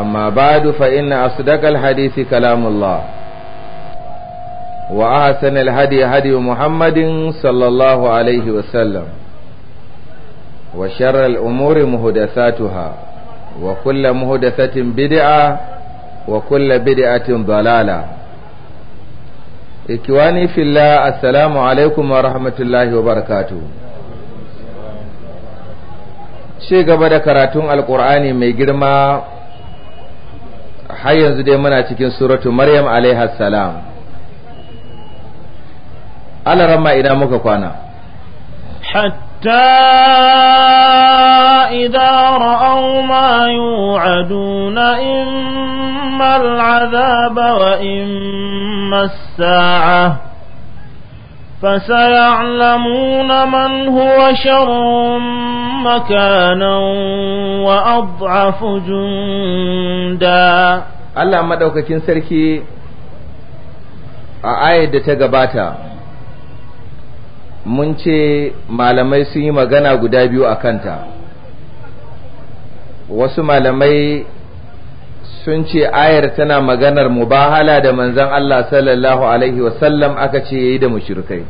أما بعد فإن أصدق الحديث كلام الله وأحسن الهدي هدي محمد صلى الله عليه وسلم وشر الأمور مهدثاتها وكل مهدثة بدعة وكل بدعة ضلالة إكواني في الله السلام عليكم ورحمة الله وبركاته شيء قبل كراتون القرآن ميجرما har yanzu dai muna cikin suratu maryam alaihi salam Allah ina muka kwana hatta idza ra'aw ma yu'aduna imma al'adhab wa imma as lamuna فسيعلمون من هو شر مكانا واضعف جندا Allah maɗaukakin sarki a ayar da ta gabata mun ce malamai sun yi magana guda biyu a kanta wasu malamai sun ce ayar tana maganar mubahala da manzan Allah sallallahu alaihi wasallam aka ce ya yi da mushrikai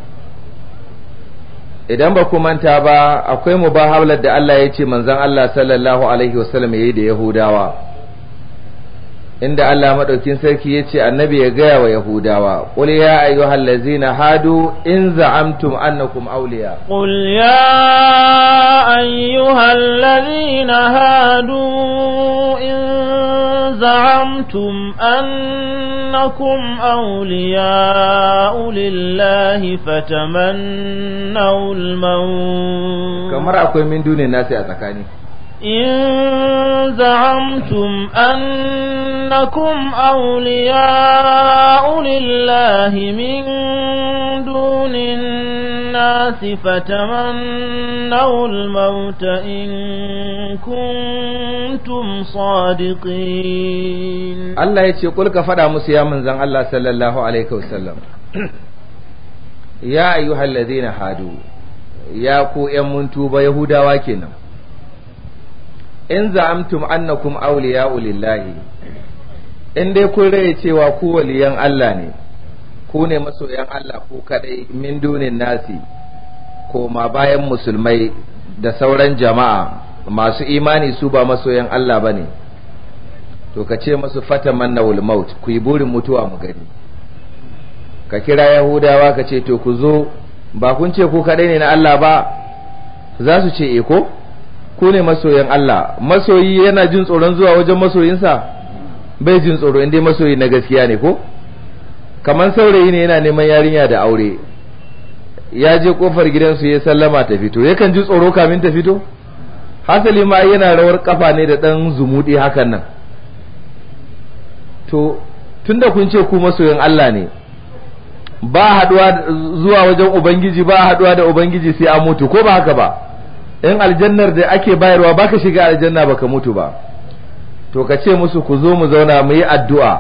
idan ba ku manta ba akwai mubahalar da Allah ya ce manzan Allah sallallahu alaihi wasallam yi da yahudawa inda Allah madaukin sarki ya ce annabi ya gaya wa yahudawa qul ya ayyuhal ladzina hadu in za'amtum annakum awliya qul ya ayyuhal ladzina hadu in za'amtum annakum awliya lillahi fatamannaw al-maut kamar akwai ne na sai a tsakani إن زعمتم أنكم أولياء لله من دون الناس فتمنوا الموت إن كنتم صادقين الله يتي قل كفر مسيا من زن الله صلى الله عليه وسلم يا أيها الذين هادوا يا كو يمنتوا بيهودا واكنا in za'amtum annakum awliya'u lillahi in dai kun raye cewa ku waliyan Allah ne ku ne masoyan Allah ku kadai min dunin nasi koma bayan musulmai da sauran jama'a masu imani su ba masoyan Allah bane to ka ce masu fataman na maut ku yi burin mutuwa mu gani ka kira yahudawa ka ce to ku zo ba kun ce ku kadai ne na Allah ba za su ce eko eh ko ku ne masoyan Allah masoyi yana jin tsoron zuwa wajen masoyinsa bai jin tsoro inda masoyi na gaskiya ne ko kamar saurayi ne yana neman yarinya da aure ya je kofar gidansu ya sallama ta fito yakan ji tsoro kamin ta fito hasali ma yana rawar kafa ne da dan zumudi hakan nan to tunda kun ce ku masoyan Allah ne ba haduwa zuwa wajen ubangiji ba haduwa da ubangiji sai an mutu ko ba haka ba in aljannar da ake bayarwa baka shiga aljanna baka mutu ba to ka ce musu ku zo mu zauna mu yi addu'a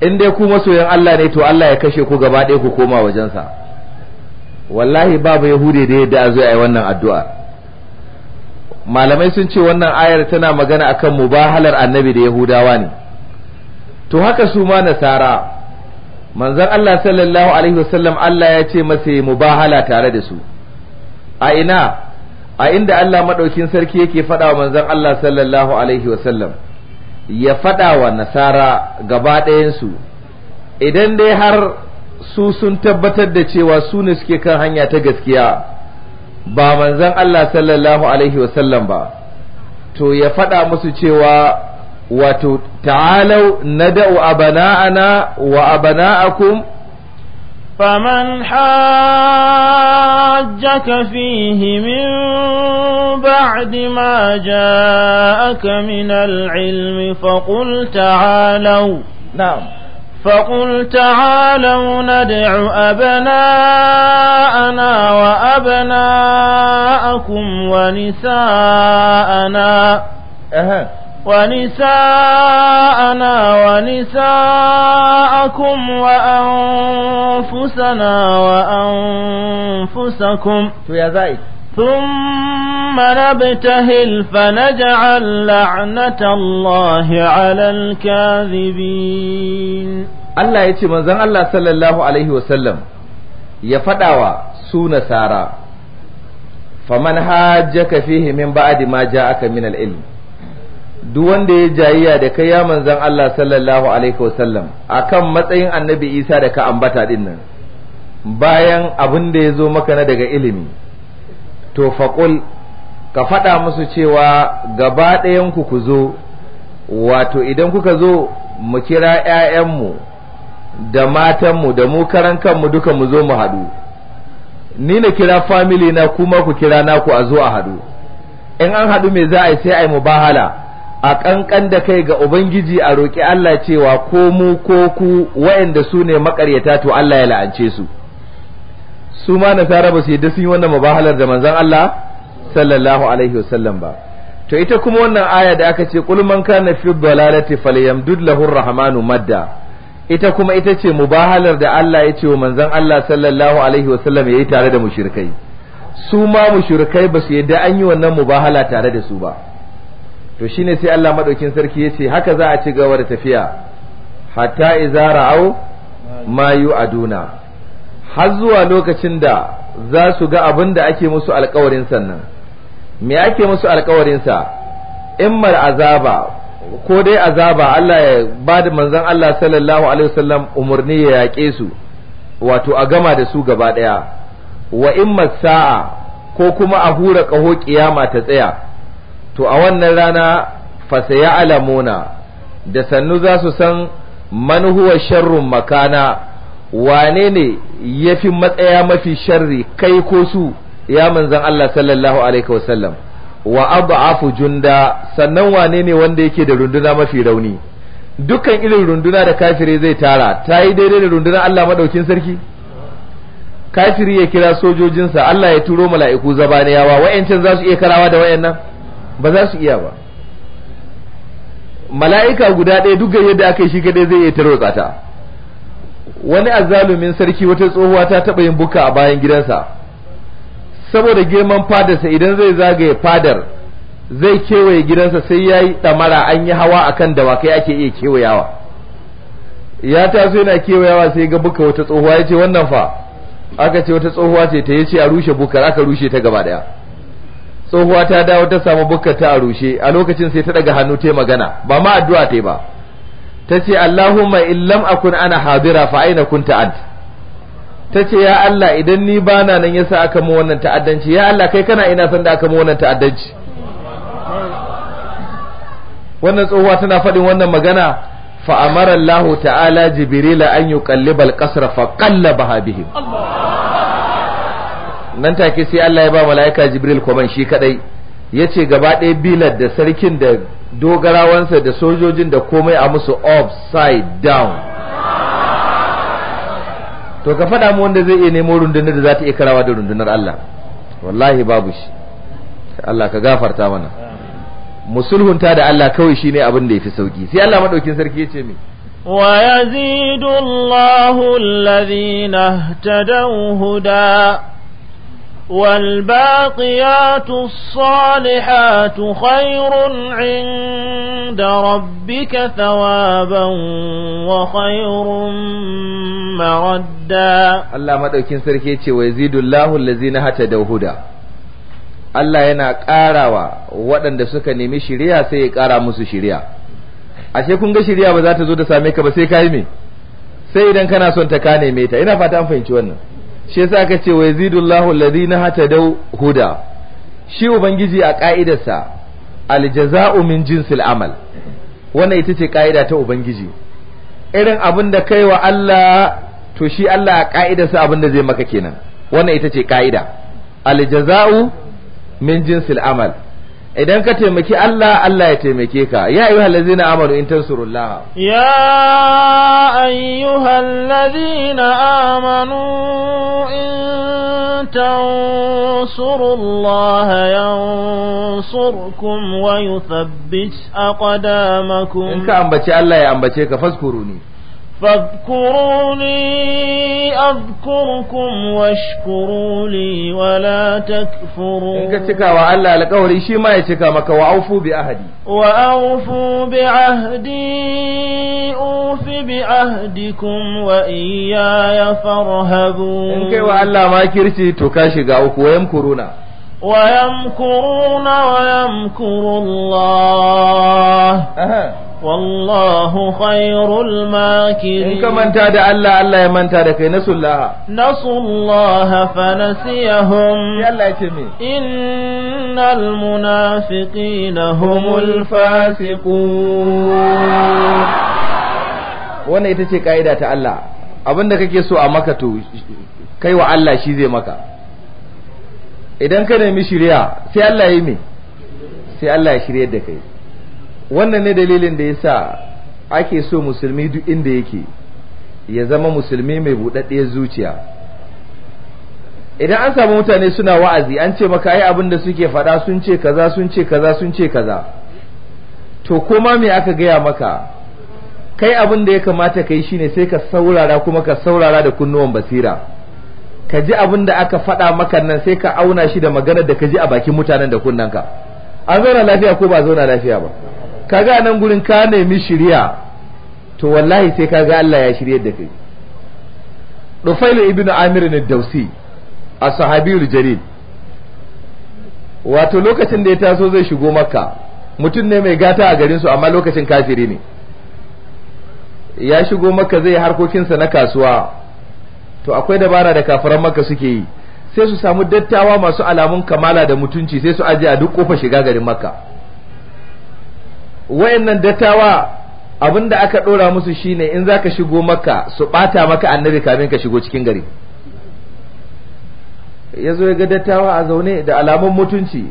in dai ku masoyan Allah ne to Allah ya kashe ku gaba ɗaya ku koma wajensa wallahi babu yahudi da yadda zo yi wannan addu'a malamai sun ce wannan ayar tana magana akan mubahalar annabi da yahudawa ne to haka su ma nasara manzon Allah sallallahu alaihi wasallam Allah ya ce masa mubahala tare da su a ina a inda Allah maɗaukin sarki yake faɗa wa manzon Allah sallallahu alaihi wasallam ya faɗa wa nasara gaba ɗayansu idan dai har su sun tabbatar da cewa su ne suke kan hanya ta gaskiya ba manzon Allah sallallahu alaihi wasallam ba to ya faɗa musu cewa wato ta'alau na nada'u abana'ana wa abana'akum فمن حاجك فيه من بعد ما جاءك من العلم فقل تعالوا نعم فقل تعالوا ندع أبناءنا وأبناءكم ونساءنا أهل ونساءنا ونساءكم وأنفسنا وأنفسكم ثم نبتهل فنجعل لعنة الله على الكاذبين الله يتي منزان الله صلى الله عليه وسلم يفدعوا سون سارا فمن هاجك فيه من بعد ما جاءك من العلم duk wanda ya jayayya da kai ya manzan Allah sallallahu alaihi wasallam akan matsayin annabi Isa da ka ambata din nan bayan abin da ya zo maka na daga ilimi to faqul ka faɗa musu cewa gaba ɗayanku ku zo wato idan kuka zo mu kira ‘ya'yanmu da matanmu da mu karan kanmu duka mu zo mu haɗu ni na kira family na kuma ku kira naku a zo a haɗu in an haɗu me za a yi sai a mubahala a ƙanƙan da kai ga Ubangiji a roƙi Allah cewa ko mu ko ku waɗanda su ne maƙaryata to Allah ya la'ance su su ma nasara ba su yadda sun yi wannan mubahalar da manzon Allah sallallahu alaihi wasallam ba to ita kuma wannan aya da aka ce qul man kana fi dhalalati falyamdud lahu rahmanu madda ita kuma ita ce mubahalar da Allah ya ce wa manzon Allah sallallahu alaihi wasallam yayi tare da mushrikai su ma mushrikai ba su yadda an yi wannan mubahala tare da su ba to shine sai Allah madaukin sarki ce haka za a ci gaba da tafiya hatta idza mayu ma yu'aduna har zuwa lokacin da za su ga abin da ake musu alkawarin sannan me ake musu alkawarin sa mar azaba ko dai azaba Allah ya bada manzon Allah sallallahu alaihi wasallam umurni ya yaƙe su wato a gama da su gaba daya wa in sa'a ko kuma a hura kaho kiyama ta tsaya to a wannan rana fasaya alamuna da sannu za su san manuhuwa sharrun makana wane ne ya fi matsaya mafi sharri kai ko su ya manzan Allah sallallahu alaihi wasallam wa abu junda sannan wane ne wanda yake da runduna mafi rauni dukkan irin runduna da kafiri zai tara ta yi daidai da rundunar Allah maɗaukin sarki kafiri ya kira sojojinsa Allah ya turo mala'iku zabaniyawa wa'yancan za su iya karawa da wa'yannan ba za su iya ba mala'ika guda ɗaya duk yadda aka yi shi kaɗai zai iya tarwatsa tsata wani azalumin sarki wata tsohuwa ta taɓa yin buka a bayan gidansa saboda girman fadarsa idan zai zagaye fadar zai kewaye gidansa sai ya yi ɗamara an yi hawa a kan dawakai ake iya kewayawa ya taso yana kewayawa sai ga buka wata tsohuwa ya ce wannan fa aka ce wata tsohuwa ce ta ya ce a rushe bukar aka rushe ta gaba ɗaya tsohuwa ta dawo ta samu bukka ta a rushe a lokacin sai ta daga hannu ta magana ba ma addu'a ta ba ta ce Allahumma in lam akun ana hadira fa aina kunta ad ta ce ya Allah idan ni bana nan yasa aka mu wannan ta'addanci ya Allah kai kana ina san da aka mu wannan ta'addanci wannan tsohuwa tana faɗin wannan magana fa amara Allah ta'ala jibrila an yuqallibal qasra fa qallabaha bihim Allah nan take sai Allah ya ba mala'ika Jibril kwaman shi kadai yace gaba ɗaya bilad da sarkin da dogarawansa da sojojin da komai a musu upside down to ka faɗa mu wanda zai iya nemo rundunar da za ta iya karawa da rundunar Allah wallahi babu shi Allah ka gafarta mana musulhunta da Allah kawai ne abin da yafi sauki sai Allah madaukin sarki yace me wa yazidu Allahu alladhina ihtadaw huda والباقيات الصالحات خير عند ربك ثوابا وخير مردا الله مدوكين سركي يتي ويزيد الله الذين هتدوا هدى Allah yana ƙarawa waɗanda suka nemi shiriya sai ya ƙara musu shiriya ashe kun ga shiriya ba za ta zo da same ka ba sai ka yi me sai idan kana son ta ka neme ta ina fata an fahimci wannan shi yasa aka ce wa yazidullahu alladhina hatadau huda shi ubangiji a ka'idarsa aljaza'u min jinsil amal wannan ita ce ka'ida ta ubangiji irin abin da kai wa Allah to shi Allah a ka'idarsa abin da zai maka kenan wannan ita ce ka'ida aljaza'u min jinsil amal idan ka taimaki Allah Allah ya taimake ka ya ayyuhal ladzina amanu in tansurullah ya ayyuhal ladzina amanu in tansurullah yansurkum wa yuthabbit aqdamakum in ka ambaci Allah ya ambace ka faskuruni fadkuruni azkurkum washkuru li wala takfurun in ka cika wa Allah alƙawari shi ma ya cika maka wa aufu bi ahdi wa aufu bi ahdi ufi bi ahdikum wa iyaya farhabun in kai wa Allah ma kirci to ka shiga uku wa yamkuruna ويمكرون ويمكر الله والله خير الماكرين إن كمن تاد ألا ألا يمن تاد كي نسوا الله نسوا الله فنسيهم يلا يتمي إن المنافقين هم الفاسقون وانا يتشي ce ألا أبنك كيسو أمكتو كيو ألا شيزي مكتو idan ka nemi shirya sai Allah yi me sai Allah ya shirya da kai wannan ne dalilin da ya yasa ake so musulmi duk inda yake ya zama musulmi mai buɗaɗɗiyar zuciya idan an samu mutane suna wa'azi an ce maka ai abin da suke faɗa sun ce kaza sun ce kaza sun ce kaza to koma me aka gaya maka kai abin da ya kamata kai shine sai ka saurara kuma ka saurara da kunnuwan basira ka ji abin da aka faɗa maka nan sai ka auna shi da maganar da ka ji a bakin mutanen da ka. an zauna lafiya ko ba zauna lafiya ba ka ga nan gurin ka nemi shirya to wallahi sai ka ga Allah ya shirye da kai Rufailu ibn Amir ne Dausi a sahabiyul Jarir, wato lokacin da ya taso zai shigo Makka mutum ne mai gata a garin su amma lokacin kafiri ne ya shigo maka zai harkokinsa na kasuwa to akwai dabara da kafiran makka suke yi sai su samu dattawa masu alamun kamala da mutunci sai su ajiye a duk kofar shiga garin makka wayannan dattawa abinda aka dora musu shine in zaka shigo makka su bata maka annabi kamin ka shigo cikin gari ya zo ya ga dattawa a zaune da alamun mutunci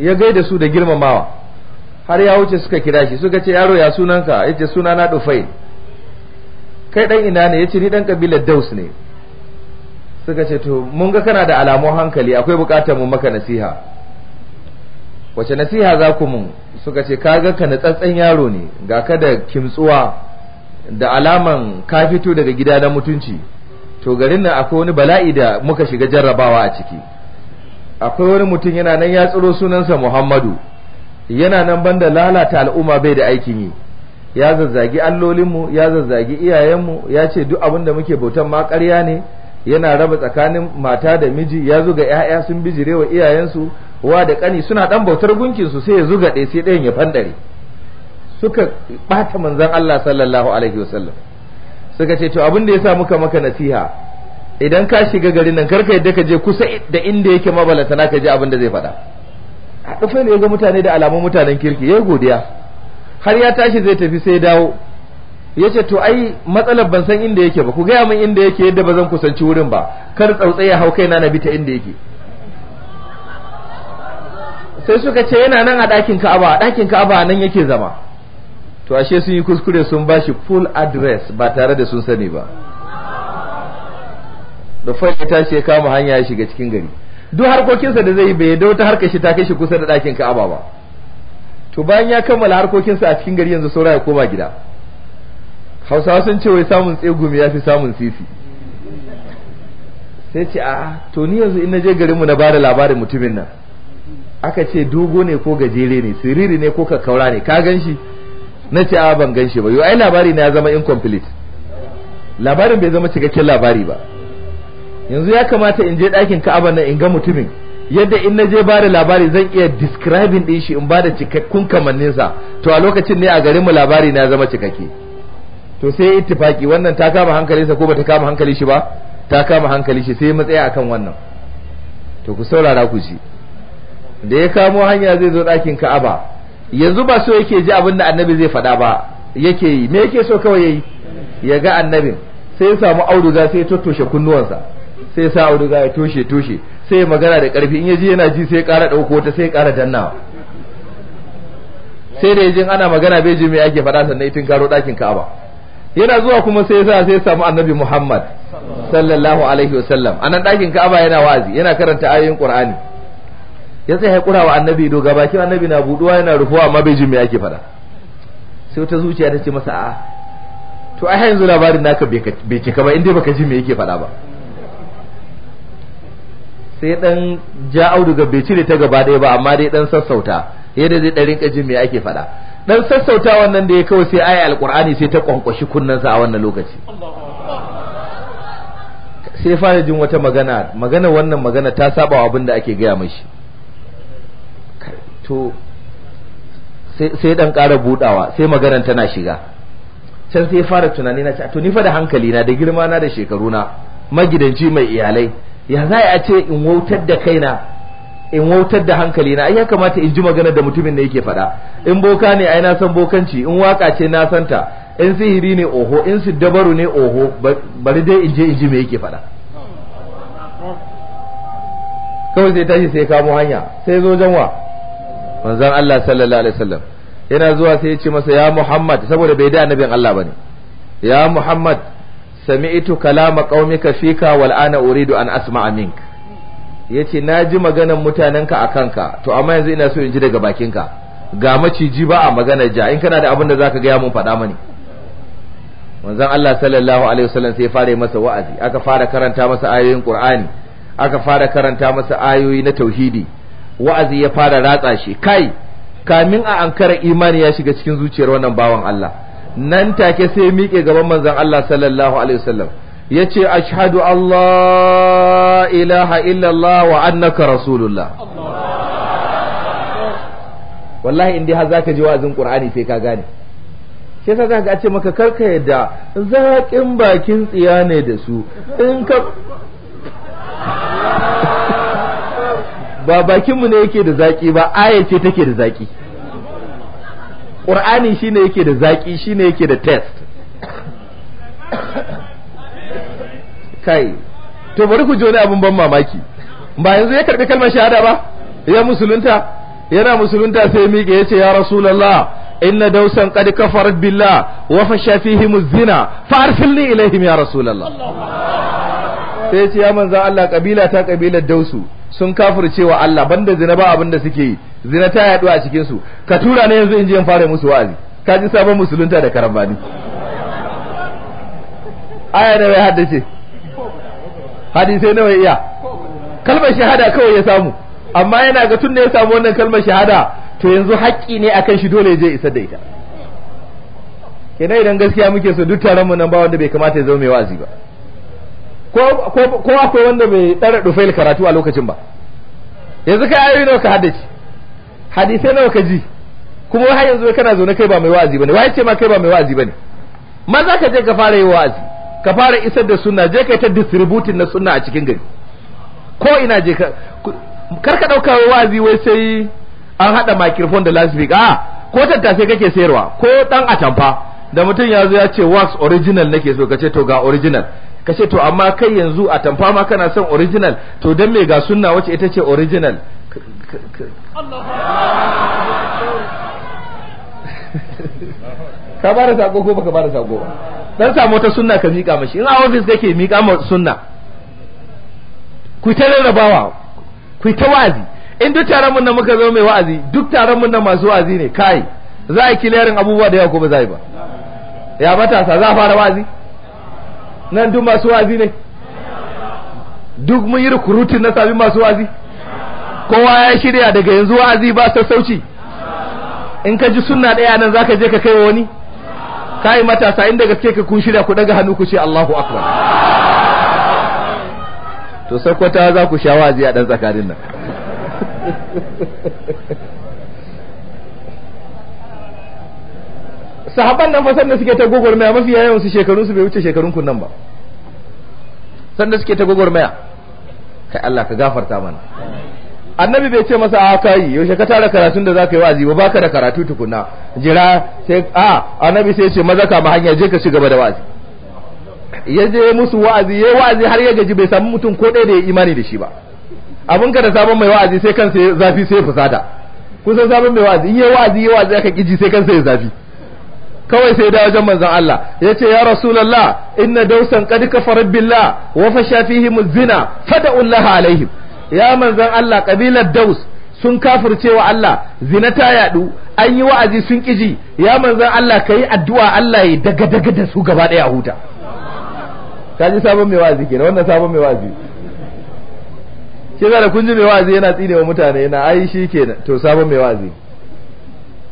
ya gaida su da girmamawa har ya wuce suka kira shi suka ce yaro ya sunanka yace sunana Dufai kai dan ina ne yace ni dan kabilar Daus ne suka ce to mun ga kana da alamun hankali akwai bukatar mu maka nasiha wace nasiha za ku mun suka ce ka kaga ka natsatsen yaro ne ga ka da kimtsuwa da alaman ka fito daga gida na mutunci to garin nan akwai wani bala'i da muka shiga jarrabawa a ciki akwai wani mutum yana nan ya tsiro sunansa Muhammadu yana nan banda lalata al'umma bai da aikin yi ya zazzagi allolinmu ya zazzagi iyayenmu ya ce duk abin da muke bautan ma ƙarya ne yana raba tsakanin mata da miji ya zuga ‘ya'ya sun bijire wa iyayensu wa da kani suna dan bautar gunkinsu sai ya zuga ɗaya sai ɗayan ya fandare suka ɓata manzan Allah sallallahu alaihi wasallam suka ce to abin da ya sa muka maka nasiha idan ka shiga garin nan karka yadda ka je kusa da inda yake mabalata na ka ji abin da zai faɗa a ɗufe ne ya ga mutane da alamun mutanen kirki ya godiya har ya tashi zai tafi sai dawo yace to ai matsalar ban san inda yake ba ku gaya min inda yake yadda ba zan kusanci wurin ba kar tsautsaye hau kaina na bi ta inda yake sai suka ce yana nan a ɗakin Ka'aba a ɗakin Ka'aba nan yake zama to ashe sun yi kuskure sun bashi full address ba tare da sun sani ba da ta tashi ya kama hanya ya shiga cikin gari duk harkokinsa da zai yi bai da wata harkar shi ta kai shi kusa da ɗakin Ka'aba ba to bayan ya kammala harkokinsa a cikin gari yanzu saura ya koma gida hausawa sun ce wai samun tsegumi ya fi samun sisi sai ce a to ni yanzu in je garinmu na bada labarin mutumin nan aka ce dogo ne ko gajere ne siriri ne ko kakkaura ne ka gan shi na ce a ban gan shi ba yau ai labari na ya zama incomplete labarin bai zama cikakken labari ba yanzu ya kamata in je ɗakin ka'aba nan in ga mutumin yadda in na je bada labari zan iya describing ɗin shi in bada cikakkun kamanninsa to a lokacin ne a garinmu labari na ya zama cikakke to sai ya ittifaki wannan ta kama hankali sa ko bata kama hankali shi ba ta kama hankali shi sai matsaya akan wannan to ku saurara ku ji da ya kamo hanya zai zo ɗakin ka'aba yanzu ba so yake ji abin da annabi zai faɗa ba yake yi me yake so kawai yayi ya ga annabin sai ya samu auduga sai ya tottoshe kunnuwansa sai ya sa auduga ya toshe toshe sai ya magana da ƙarfi in ya ji yana ji sai ya ƙara ɗauko ta sai ya ƙara dannawa sai da ya ana magana bai ji me ake faɗa sannan itin karo ɗakin ka'aba yana zuwa kuma sai yasa sai samu annabi Muhammad sallallahu alaihi wasallam anan ɗakin Ka'aba yana wazi, yana karanta ayoyin Qur'ani ya sai ya wa annabi do, ga bakin annabi na buduwa yana rufuwa amma bai jin me ake faɗa sai wata zuciya ta ce masa a to ai yanzu labarin naka bai cika ba inda baka ji me yake faɗa ba sai dan ja auduga bai cire ta gaba ɗaya ba amma dai dan sassauta yadda zai ɗarin rinka ji me ake faɗa dan sassauta wannan da ya kawai sai aya alqur'ani sai ta kwankwashi kunnansa a wannan lokaci sai fara jin wata magana magana wannan magana ta saba wa abin da ake gaya mashi to sai dan ƙara budawa sai maganar tana shiga can sai fara tunani na to ni fa da hankali na da girma na da shekaru na magidanci mai iyalai ya za a ce in wautar da kaina in wautar da hankali na ai ya kamata in ji magana da mutumin da yake faɗa in boka ne ai na san bokanci in waka ce na santa in sihiri ne oho in su dabaru ne oho bari dai in je in ji me yake faɗa kawai sai tashi sai kamo hanya sai zo janwa manzon Allah sallallahu alaihi wasallam yana zuwa sai ya ce masa ya Muhammad saboda bai da annabin Allah bane ya Muhammad sami'tu kalama qaumika fika wal ana uridu an asma'a minka ya ce na ji maganan mutanenka a kanka to amma yanzu ina so in ji daga bakinka ga maciji ba a magana ja in kana da abin da za ka gaya mun faɗa mani manzon Allah sallallahu alaihi wasallam sai ya fara masa wa'azi aka fara karanta masa ayoyin Qur'ani aka fara karanta masa ayoyi na tauhidi wa'azi ya fara ratsa shi kai kamin a ankara imani ya shiga cikin zuciyar wannan bawan Allah nan take sai ya miƙe gaban manzon Allah sallallahu alaihi wasallam ya ce ashhadu Allah ilaha illallah wa annaka rasulullah wallahi in dai har zaka ji wa'azin qur'ani sai ka gane sai ka zaka ce maka karka yadda zaƙin bakin tsiya ne da su in ka ba bakinmu ne yake da zaƙi ba aya ce take da zaƙi ƙur'ani shine yake da zaƙi shine yake da test kai to bari ku ji wani abin ban mamaki ba yanzu ya karbi kalmar shahada ba ya musulunta yana musulunta sai miƙe ya ce ya rasulullah inna dausan qad kafarat billah wa fasha fihim zina fa arsilni ilaihim ya rasulullah sai ya ce ya manzo Allah kabila ta kabilar dausu sun kafirce wa Allah banda zina ba abin da suke zina ta yaɗu a cikin su ka tura ne yanzu in je in fara musu wa'azi ka ji sabon musulunta da karambani aya da bai haddace hadisai nawa iya kalmar shahada kawai ya samu amma yana ga tun da ya samu wannan kalmar shahada to yanzu haƙƙi ne akan shi dole je isar da ita kenan idan gaskiya muke so duk taron mu nan ba wanda bai kamata ya zama mai wazi ba ko ko ko akwai wanda bai tsara dufail karatu a lokacin ba yanzu kai ayoyi nawa ka haddace hadisai nawa ka ji kuma har yanzu kana zo na kai ba mai wa'azi bane wai ce ma kai ba mai wa'azi bane maza ka je ka fara yi wa'azi ka fara isar da sunna je kai ta distributing na sunna a cikin gari ko ina je ka kar ka dauka wazi wai sai an hada microphone da week a ko tattasai kake sayarwa ko dan atamfa da mutum ya zo ya ce wax original nake so kace to ga original kace to amma kai yanzu atamfa ma kana son original to dan me ga sunna wace ita ce original ka bada sako ko baka bada sako ba dan samu wata sunna ka mika mashi in a office kake mika ma sunna ku ta rarrabawa ku ta wazi in duk taron mun nan muka zo mai wa'azi duk taron mun nan masu wa'azi ne kai za a kilerin abubuwa da yawa ko ba za a yi ba ya matasa za a fara wa'azi nan duk masu wa'azi ne duk mun yi rukurutun na sabbin masu wa'azi kowa ya shirya daga yanzu wa'azi ba sassauci in ka ji sunna ɗaya nan ka je ka kai wa wani kai matasa inda gaske ka kun shirya ku daga hannu ku ce Allahu akbar to sakwata za ku sha wazi a dan tsakanin nan sahaban nan fa sanda suke ta gogormaya mafi yawan su shekarun su bai wuce shekarun kun nan ba sanda suke ta gogormaya kai Allah ka gafarta mana annabi bai ce masa a ah, kai yaushe ka tara karatun da zaka yi wa'azi ba baka da karatu tukuna jira sai a ah, annabi sai ce maza ka hanya je ka ci gaba da wa'azi ya je musu wa'azi yayi wa'azi har ya gaji bai samu mutum ko ɗaya da ya imani da shi ba abun ka da sabon mai wa'azi sai kansa zafi sai fusata kusan sabon mai wa'azi yayi wa'azi yayi wa'azi aka kiji sai kansa zafi kawai sai da wajen manzon Allah ya ce ya rasulallah inna dausan qad kafara billah wa fasha fihim zina fada'u alaihim ya Manzan Allah kabilar Daus sun kafirce wa Allah zina ta yadu an yi wa'azi sun kiji ya Manzan Allah kai addu'a Allah ya daga daga da su gaba daya huta kaji sabon mai wa'azi kenan wannan sabon mai ke ga da kun ji mai wa'azi yana tsine wa mutane yana ai shi kenan to sabon mai wa'azi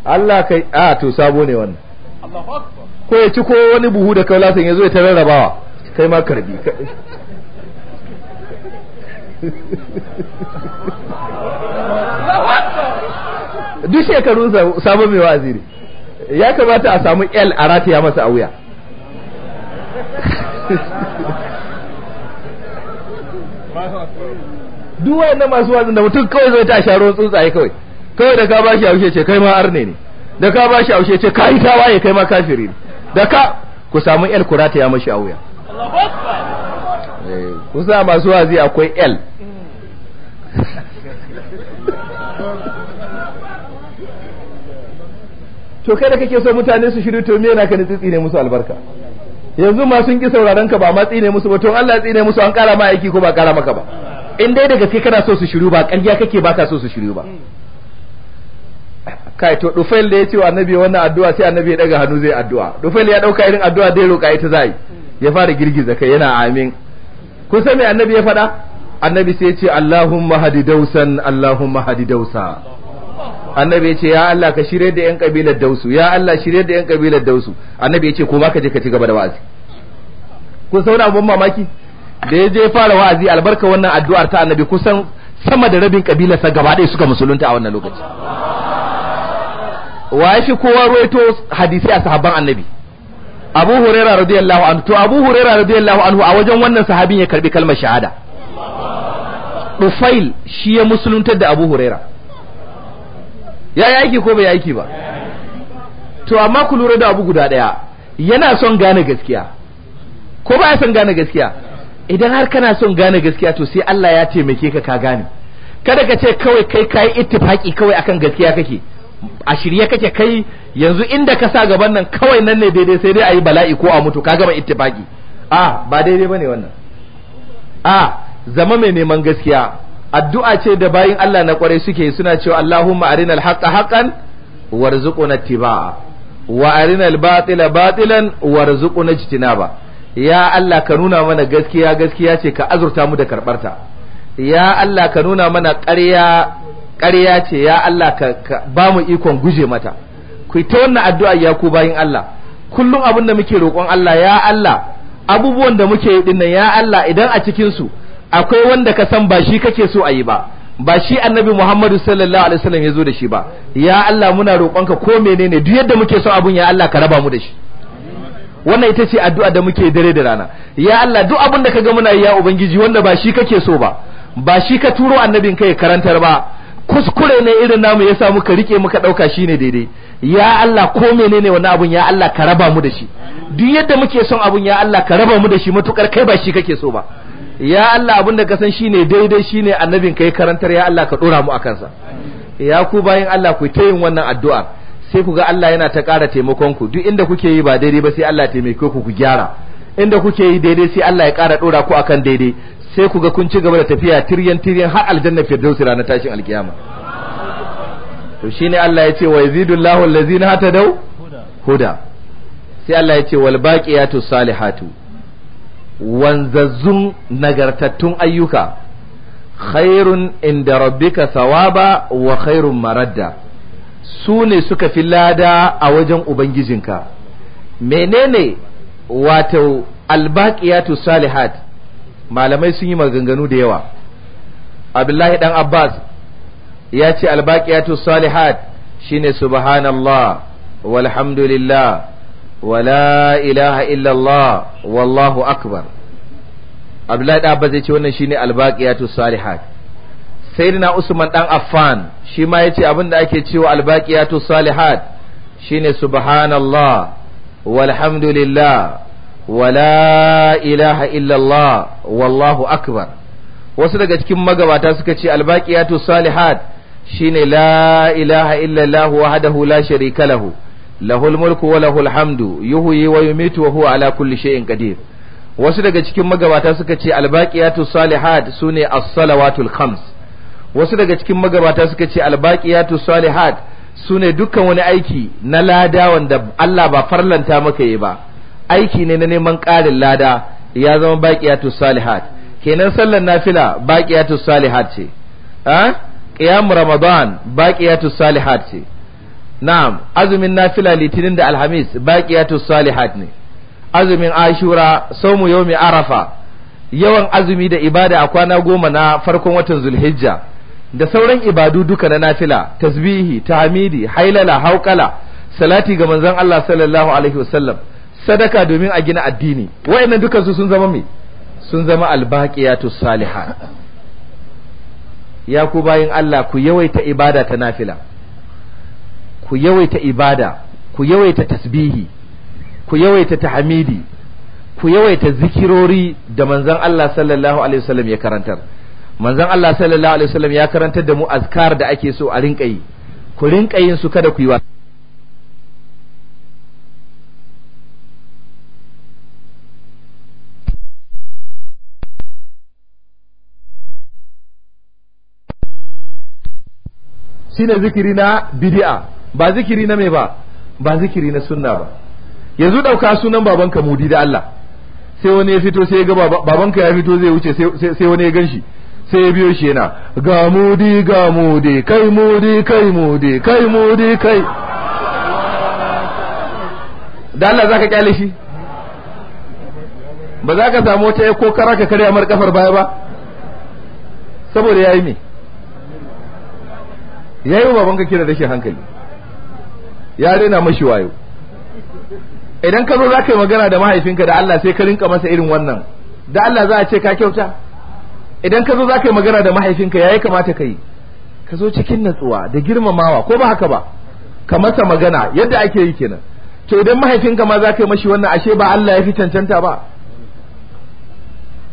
Allah kai a to sabo ne wannan Allahu akbar ko ya ci ko wani buhu da kaulasan yazo ya tararrabawa kai ma karbi duk shekaru samu mai waziri ne ya kamata a samu l a rataya masa a wuya duk wayannan masu wazin da mutum kawai zai ta sharo tsuntsaye kawai kawai da ka ba shi aushe ce kai ma arne ne da ka ba shi aushe ce ka yi tawaye kai ma kafiri ne da ka ku samu el kurata ya mashi a wuya kusa masu wazi akwai l to kai da kake so mutane su shiru to me yana ka nitsi ne musu albarka yanzu ma sun ki sauraron ka ba ma tsine musu ba to Allah tsine musu an kara ma aiki ko ba kara maka ba in dai daga kai kana so su shiru ba ƙarya kake ba ka so su shiru ba kai to dufail da ya ce wa annabi wannan addu'a sai annabi ya daga hannu zai addu'a dufail ya dauka irin addu'a da ya roka ita zai ya fara girgiza kai yana amin kun san me annabi ya faɗa annabi sai ya ce Allahumma hadi dausan Allahumma hadi dausa annabi ya ce ya Allah ka shirye da yan kabilar dausu ya Allah shirye da yan kabilar dausu annabi ya ce ko ma ka je ka ci gaba da wa'azi kun sauna abun mamaki da ya je fara wa'azi albarka wannan addu'ar ta annabi kusan sama da rabin sa gaba ɗaya suka musulunta a wannan lokaci wa shi kowa ruwaito hadisi a sahabban annabi Abu Huraira radiyallahu anhu to Abu Huraira radiyallahu anhu a wajen wannan sahabin ya karbi kalmar shahada Dufail shi ya musuluntar da Abu Huraira ya yi aiki ko bai yi aiki ba to amma ku lura da abu guda daya yana son gane gaskiya ko ba ya son gane gaskiya idan har kana son gane gaskiya to sai Allah ya taimake ka ka gane kada ka ce kawai kai kai ittifaki kawai akan gaskiya kake a shirye kake kai yanzu inda ka sa gaban nan kawai nan ne daidai sai dai a yi bala'i ko a mutu ka gama ittifaki a ba daidai bane wannan a zama mai neman gaskiya addu'a ce da bayin Allah na kwarai suke suna cewa Allahumma arinal haqqa haqqan warzuqna ittiba'a wa arinal batila batilan warzuqna ijtinaba ya Allah ka nuna mana gaskiya gaskiya ce ka azurta mu da karbarta ya Allah ka nuna mana ƙarya ƙarya ce ya Allah ka ba mu ikon guje mata ku ta wannan addu'a ya ku bayin Allah kullum abin da muke roƙon Allah ya Allah abubuwan da muke yi dinnan ya Allah idan a cikin su akwai wanda ka san ba shi kake so a yi ba ba shi annabi Muhammadu sallallahu alaihi wasallam ya zo da shi ba ya Allah muna roƙonka ko menene duk yadda muke so abin ya Allah ka raba mu da shi wannan ita ce addu'a da muke dare da rana ya Allah duk abin da ka ga muna yi ya ubangiji wanda ba shi kake so ba ba shi ka turo annabin kai karantar ba kuskure ne irin namu ya sa muka rike muka dauka shine daidai ya Allah ko menene wani abun ya Allah ka raba mu da shi duk yadda muke son abun ya Allah ka raba mu da shi matukar kai ba shi kake so ba ya Allah abun da ka san shi ne daidai shi ne annabin kai karantar ya Allah ka dora mu a sa ya ku bayin Allah ku ta yin wannan addu'a sai ku ga Allah yana ta ƙara taimakon ku duk inda kuke yi ba daidai ba sai Allah taimake ku ku gyara inda kuke yi daidai sai Allah ya ƙara ɗora ku akan daidai sai ku ga kun ci gaba da tafiya tiryan tiryan har aljanna firdausi ranar tashin alkiyama to shine Allah ya ce wa yazidullahu allazina hatadau huda sai Allah ya ce wal baqiyatu salihatu wanzazzun nagartattun ayyuka khairun inda rabbika sawaba wa khairun maradda su ne suka fi lada a wajen ubangijinka menene wato albaqiyatu salihat malamai sun yi maganganu da yawa abdullahi dan abbas ya ce albaqiyatu salihat shine subhanallah walhamdulillah wala ilaha illallah wallahu akbar abdullahi dan abbas ya ce wannan shine albaqiyatu salihat sayyidina usman dan affan shi ma yace abin da ake cewa albaqiyatu salihat shine subhanallah walhamdulillah wala ilaha illallah wallahu akbar wasu daga cikin magabata suka ce albaqiyatu salihat shine la ilaha allah wahdahu la sharika lahu lahul mulku wa lahul hamdu yuhyi wa yumitu wa huwa ala kulli shay'in qadir wasu daga cikin magabata suka ce albaqiyatu salihat sune as-salawatul khams wasu daga cikin magabata suka ce albaqiyatu salihat sune dukkan wani aiki na lada wanda Allah ba farlanta maka yi ba aiki ne na neman ƙarin lada ya zama baqiyatu salihat kenan sallar nafila baqiyatu salihat ce a ramadan baqiyatu salihat ce na'am azumin nafila litinin da alhamis baƙiyatu salihat ne azumin ashura saumu yawmi arafa yawan azumi da ibada a kwana goma na farkon watan zulhijja da sauran ibadu duka na nafila tasbihi tahmidi hailala hauƙala salati ga manzon Allah sallallahu alaihi wasallam sadaka domin a gina addini wayannan dukan su sun zama mai sun zama albaqiyatu saliha ya ku bayin Allah ku yawaita ibada ta nafila ku yawaita ibada ku yawaita tasbihi ku yawaita tahmidi ku yawaita zikirori da manzon Allah sallallahu alaihi wasallam ya karantar manzon Allah sallallahu alaihi wasallam ya karantar da mu azkar da ake so a rinka ku rinka yin su kada ku yi wasa shine zikiri na bid'a ba zikiri na me ba ba zikiri na sunna ba yanzu dauka sunan babanka mudi da Allah sai wani ya fito sai ya ga babanka ya fito zai wuce sai wani ya ganshi sai ya biyo shi yana ga mudi ga mudi kai mudi kai mudi kai mudi kai da Allah zaka kyale shi ba za ka samu wata ko kara ka karya mar kafar baya ba saboda ya yi ne ya yi babanka kira shi hankali ya daina mashi wayo idan ka zo za ka yi magana da mahaifinka da Allah sai ka rinka masa irin wannan da Allah za a ce ka kyauta idan ka zo za ka yi magana da mahaifinka ya yi kamata ka yi ka zo cikin natsuwa da girmamawa ko ba haka ba ka masa magana yadda ake yi kenan to idan mahaifinka ma za ka yi mashi wannan ashe ba Allah ya fi cancanta ba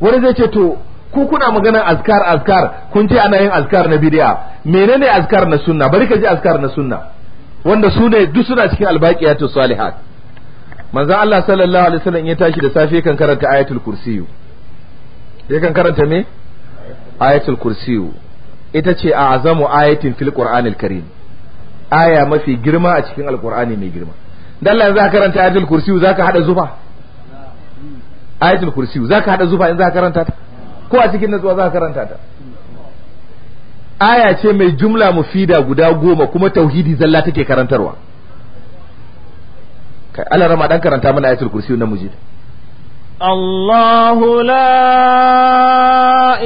wani zai ce to ku kuna magana azkar azkar kun ce ana yin azkar na bid'a menene azkar na sunna bari ka ji azkar na sunna wanda su ne duk suna cikin albaqiyatus salihat manzo Allah sallallahu alaihi wasallam ya tashi da safe kan karanta ayatul kursiyu ya kan karanta me ayatul kursiyu ita ce a azamu ayatin fil qur'anil karim aya mafi girma a cikin alqur'ani mai girma dan Allah za karanta ayatul kursiyu za ka hada zufa ayatul kursiyu za ka hada zufa in za karanta ta ko a cikin natsuwa za ka karanta ta aya ce mai jumla mufida guda goma kuma tauhidi zalla take karantarwa kai Allah rama dan karanta mana ayatul kursi na mujid Allahu la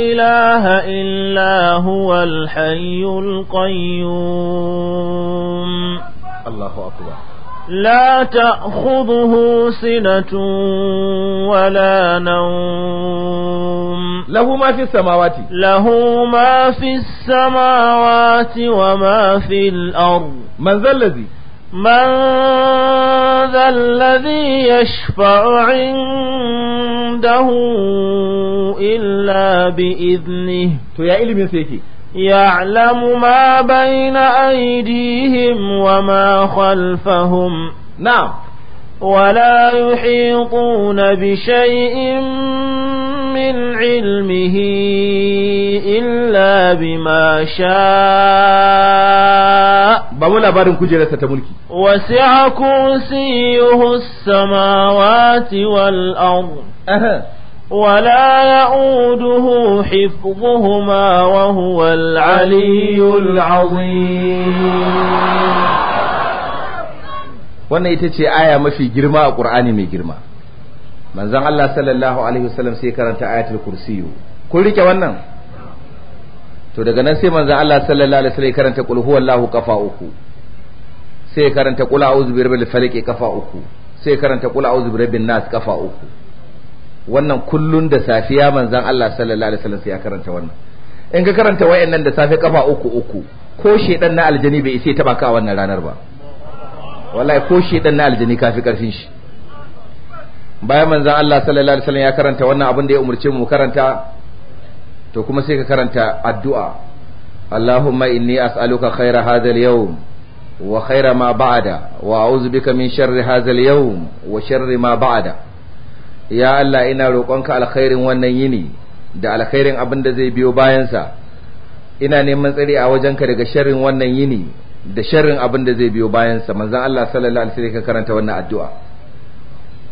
ilaha illa huwal الحي القيوم لا تأخذه سنة ولا نوم له ما في السماوات له ما في السماوات وما في الأرض من ذا الذي من ذا الذي يشفع عنده إلا بإذنه تو يا إلي من سيكي يعلم ما بين أيديهم وما خلفهم نعم ولا يحيطون بشيء من علمه إلا بما شاء بابو لبارن كجيرة تملكي وسع كرسيه السماوات والأرض أه. ولا يعوده حفظهما وهو العلي العظيم wannan ita ce aya mafi girma a ƙur'ani mai girma manzon Allah sallallahu alaihi wasallam sai karanta ayatul kursiyu kun rike wannan to daga nan sai manzon Allah sallallahu alaihi wasallam karanta qul huwallahu kafa uku sai karanta qul a'udhu birabbil falaq kafa uku sai karanta qul a'udhu birabbin nas kafa uku wannan kullun da safiya manzon Allah sallallahu alaihi wasallam sai ya karanta wannan in ka karanta wayannan da safe kafa uku uku ko shedan na aljani bai isa taba ka wannan ranar ba wallahi ko shedan na aljani kafi karfin shi bayan manzon Allah sallallahu alaihi wasallam ya karanta wannan abin da ya umurce mu karanta to kuma sai ka karanta addu'a inni اللهم إني أسألك خير هذا اليوم وخير ما بعد وأعوذ بك من شر هذا اليوم وشر ما بعده ya Allah ina roƙonka alkhairin wannan yini da alkhairin abin da zai biyo bayansa ina neman tsari a wajenka daga sharrin wannan yini da sharrin abin da zai biyo bayansa manzon Allah sallallahu alaihi wasallam karanta wannan addu'a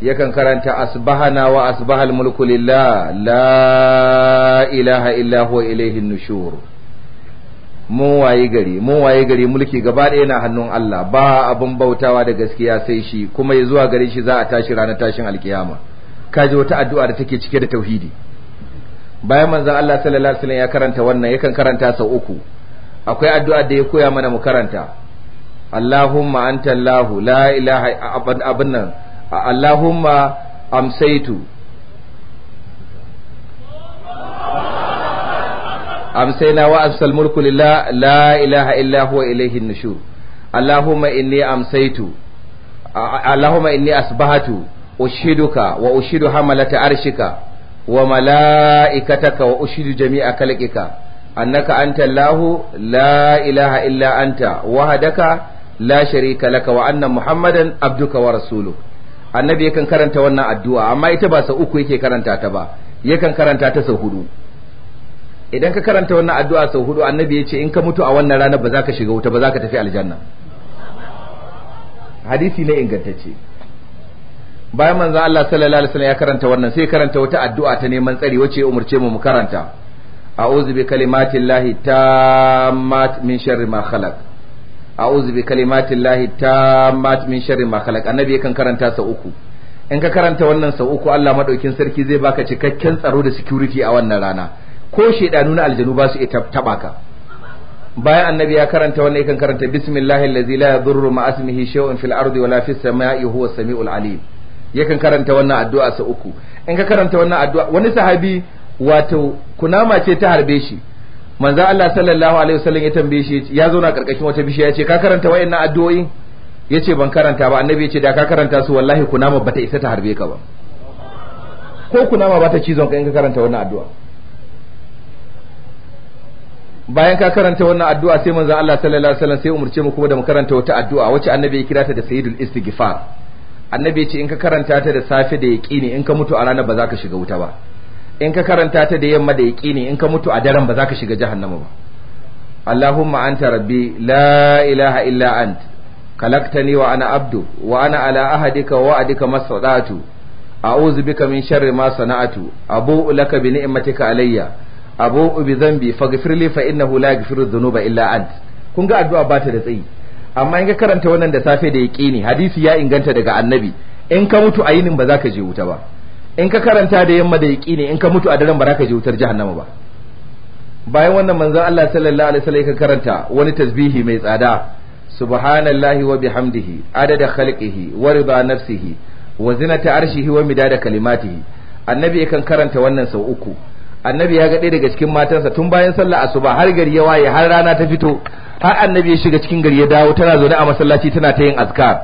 yakan karanta asbahana wa asbahal mulku lillah la ilaha illa huwa ilayhi nushur mun waye gari mun waye gari mulki gaba ɗaya na hannun Allah ba abin bautawa da gaskiya sai shi kuma zuwa gare shi za a tashi ranar tashin alkiyama kaji wata addu'a da take cike da tauhidi bayan manzo Allah sallallahu alaihi wasallam ya karanta wannan yakan karanta sau uku akwai addu'a da ya koya mana mu karanta Allahumma anta Allah la ilaha abin nan Allahumma amsaitu amsaina wa asal mulku lillah la ilaha illa huwa ilayhi nushur Allahumma inni amsaitu Allahumma inni asbahatu ushiduka wa ushidu hamalata arshika wa mala'ikataka wa ushidu jami'a kalqika annaka anta Allahu la ilaha illa anta wahdaka la sharika laka wa anna muhammadan abduka wa rasuluka annabi yakan karanta wannan addu'a amma ita ba sau uku yake karanta ta ba yakan karanta ta sau hudu idan ka karanta wannan addu'a sau hudu annabi ya ce in ka mutu a wannan ranar ba za ka shiga wuta ba za ka tafi aljanna hadisi ne ingantacce bayan manzon Allah sallallahu alaihi wasallam ya karanta wannan sai karanta wata addu'a ta neman tsari wacce ya umurce mu mu karanta a'udhu bi kalimati llahi tammat min sharri ma khalaq a'udhu bi kalimati llahi tammat min sharri ma khalaq annabi yakan karanta sa uku in ka karanta wannan sau uku Allah madaukin sarki zai baka cikakken tsaro da security a wannan rana ko shedanu na aljanu ba su ita taba ka bayan annabi ya karanta wannan yakan karanta bismillahil ladzi la yadurru ma ismihi shay'un fil ardi wala fis sama'i huwa samiul alim yakan karanta wannan addu'a sa uku in ka karanta wannan addu'a wani sahabi wato kunama ce ta harbe shi manzo Allah sallallahu alaihi wasallam ya tambaye shi ya zauna karkashin wata bishiya yace ka karanta wayannan addu'o'i yace ban karanta ba annabi yace da ka karanta su wallahi kunama bata isa ta harbe ka ba ko kunama bata cizon ka in ka karanta wannan addu'a bayan ka karanta wannan addu'a sai manzo Allah sallallahu alaihi wasallam sai umurce mu kuma da mu karanta wata addu'a wacce annabi ya kira ta da sayyidul istighfar annabi ya ce in ka karanta ta da safe da yaqini in ka mutu a ranar ba za ka shiga wuta ba in ka karanta ta da yamma da yaqini in ka mutu a daren ba za ka shiga jahannama ba Allahumma anta rabbi la ilaha illa ant khalaqtani wa ana abdu wa ana ala ahadika wa adika masadatu a'udhu bika min sharri ma sana'atu abu laka bi ni'matika alayya abu bi dhanbi faghfir li fa innahu la yaghfiru dhunuba illa ant kun ga addu'a ba ta da tsayi amma in ka karanta wannan da safe da yaqini hadisi ya inganta daga annabi in ka mutu a yinin ba za ka je wuta ba in ka karanta da yamma da yaqini in ka mutu a daren ba za ka je wutar jahannama ba bayan wannan manzon Allah sallallahu alaihi wasallam ka karanta wani tasbihi mai tsada subhanallahi wa bihamdihi adada khalqihi wa rida nafsihi wa zinata arshihi wa midada kalimatihi annabi yakan karanta wannan sau uku annabi ya ga ɗaya daga cikin matansa tun bayan sallah asuba har gari ya waye har rana ta fito har annabi ya shiga cikin gari ya dawo tana zaune a masallaci tana ta yin azkar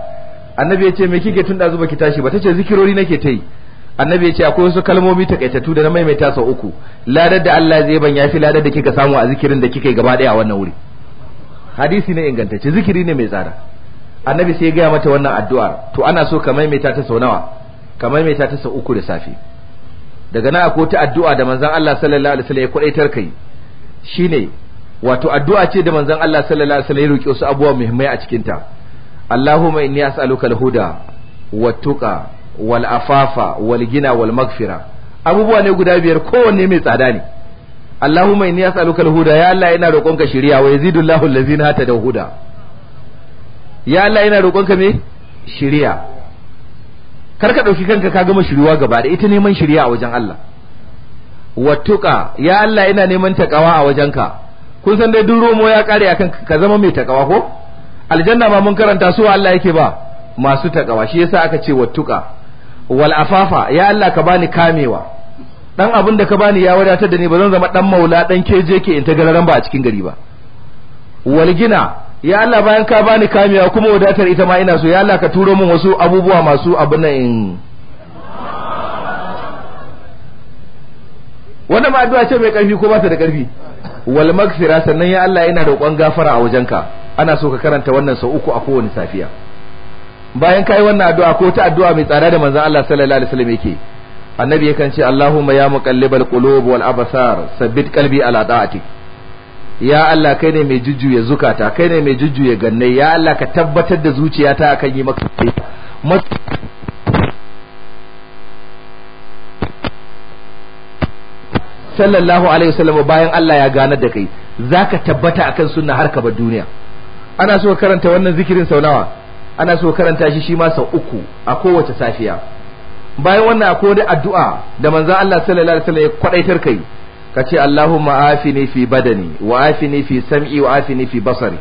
annabi ya ce me kike tun da zuba ki tashi ba tace zikirori nake ta yi annabi ya ce akwai wasu kalmomi takaitattu da na maimaita sau uku ladar da Allah zai ban yafi ladar da kika samu a zikirin da kika yi gaba daya a wannan wuri hadisi ne ingantacce zikiri ne mai tsada annabi sai ya gaya mata wannan addu'a to ana so ka maimaita ta sau nawa ka maimaita ta sau uku da safe daga na ko ta addu'a da manzon Allah sallallahu alaihi wasallam ya kwadaitar kai shine wato addu'a ce da manzon Allah sallallahu alaihi wasallam ya roki wasu abubuwa muhimmai a cikin ta Allahumma inni as'aluka al-huda wat-tuqa wal-afafa wal-gina wal-maghfira abubuwa ne guda biyar kowanne mai tsada ne Allahumma inni as'aluka al-huda ya Allah ina roƙonka shiriya wa yazidullahu allazina hatadaw huda ya Allah ina roƙonka me shiriya kar ka ɗauki kanka ka gama shiriwa gaba da ita neman shiriya a wajen Allah wattuka ya Allah ina neman takawa a wajenka kun san dai duk romo ya kare akan ka zama mai takawa ko aljanna ma mun karanta su Allah yake ba masu takawa shi yasa aka ce wattuka wal afafa ya Allah ka bani kamewa dan abin da ka bani ya wadatar da ni ba zan zama dan maula dan keje ke in ta ba a cikin gari ba wal gina ya Allah bayan ka bani kamewa kuma wadatar ita ma ina so ya Allah ka turo min wasu abubuwa masu abin nan in wannan addu'a ce mai karfi ko ba ta da karfi wal magfira sannan ya Allah ina roƙon gafara a wajenka ana so ka karanta wannan sau uku a kowane safiya bayan kai wannan addu'a ko ta addu'a mai tsada da manzon Allah sallallahu alaihi wasallam yake annabi yakan ce Allahumma ya muqallibal qulub wal absar sabbit qalbi ala ta'atik ya Allah kai ne mai jujjuya zukata kai ne mai jujjuya ganne ya Allah ka tabbatar da zuciyata akan yi maka sallallahu alaihi wasallam bayan Allah ya gane da kai zaka tabbata akan sunna har ka bar duniya ana so karanta wannan zikirin sau nawa ana so karanta shi shi ma sau uku a kowace safiya bayan wannan akwai wani addu'a da manzon Allah sallallahu alaihi wasallam ya kwadaitar kai ka ce Allahumma afini fi badani wa afini fi sam'i wa afini fi basari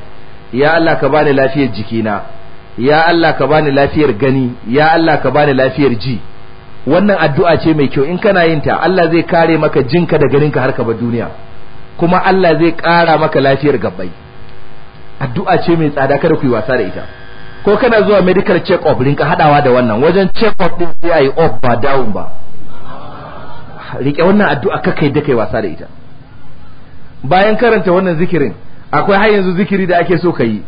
ya Allah ka bani lafiyar jikina ya Allah ka bani lafiyar gani ya Allah ka bani lafiyar ji wannan addu'a ce mai kyau in kana yin ta Allah zai kare maka jinka da ka har ka bar duniya kuma Allah zai kara maka lafiyar gabbai addu'a ce mai tsada kada ku yi wasa da ita ko kana zuwa medical check up rinka hadawa da wannan wajen check up din sai ayi off ba down ba rike wannan addu'a kaka da kai wasa da ita bayan karanta wannan zikirin akwai har yanzu zikiri da ake so ka yi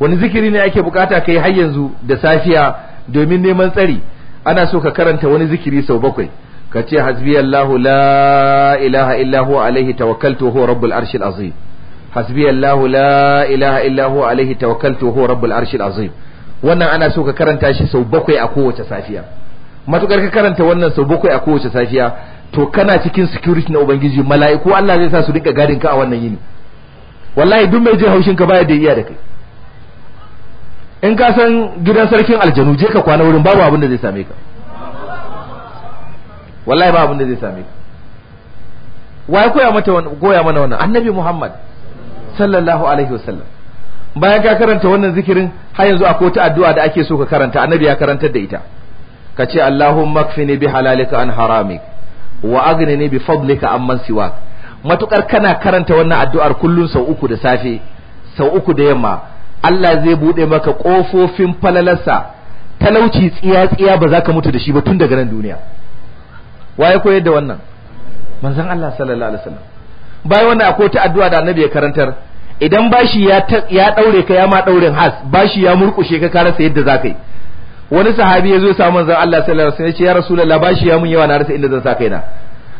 wani zikiri ne ake bukata ka yi har yanzu da safiya domin neman tsari ana so ka karanta wani zikiri sau bakwai ka ce hasbiyallahu la ilaha illa huwa alaihi tawakkaltu huwa rabbul arshil azim hasbiyallahu la ilaha illa huwa alaihi tawakkaltu huwa rabbul arshil azim wannan ana so ka karanta shi sau bakwai a kowace safiya matukar ka karanta wannan sau bakwai a kowace safiya to kana cikin security na ubangiji mala'iku Allah zai sa su rika gadin ka a wannan yini wallahi duk mai je haushin ka baya da iya da kai in ka san gidan sarkin aljanu je ka kwana wurin babu abin da zai same ka wallahi ba abin da zai same ka wai koya mata goya mana wannan annabi Muhammad sallallahu alaihi wasallam bayan ka karanta wannan zikirin har yanzu akwai wata addu'a da ake so ka karanta annabi ya karantar da ita kace Allahumma kfini bi halalika an haramika wa ne bi fadlika amman siwa matukar kana karanta wannan addu'ar kullun sau uku da safe sau uku da yamma Allah zai bude maka kofofin falalarsa talauci tsiya tsiya ba za ka mutu da shi ba tun daga nan duniya waye koyar da wannan manzon Allah sallallahu alaihi wasallam bayan wannan akwai ta addu'a da annabi ya karantar idan bashi ya ya daure ka ya ma daurin has bashi ya murkushe ka karasa yadda za ka yi wani sahabi ya zo samu manzon Allah sallallahu alaihi wasallam ya ce ya rasulullah bashi ya mun yawa na rasa inda zan sa kaina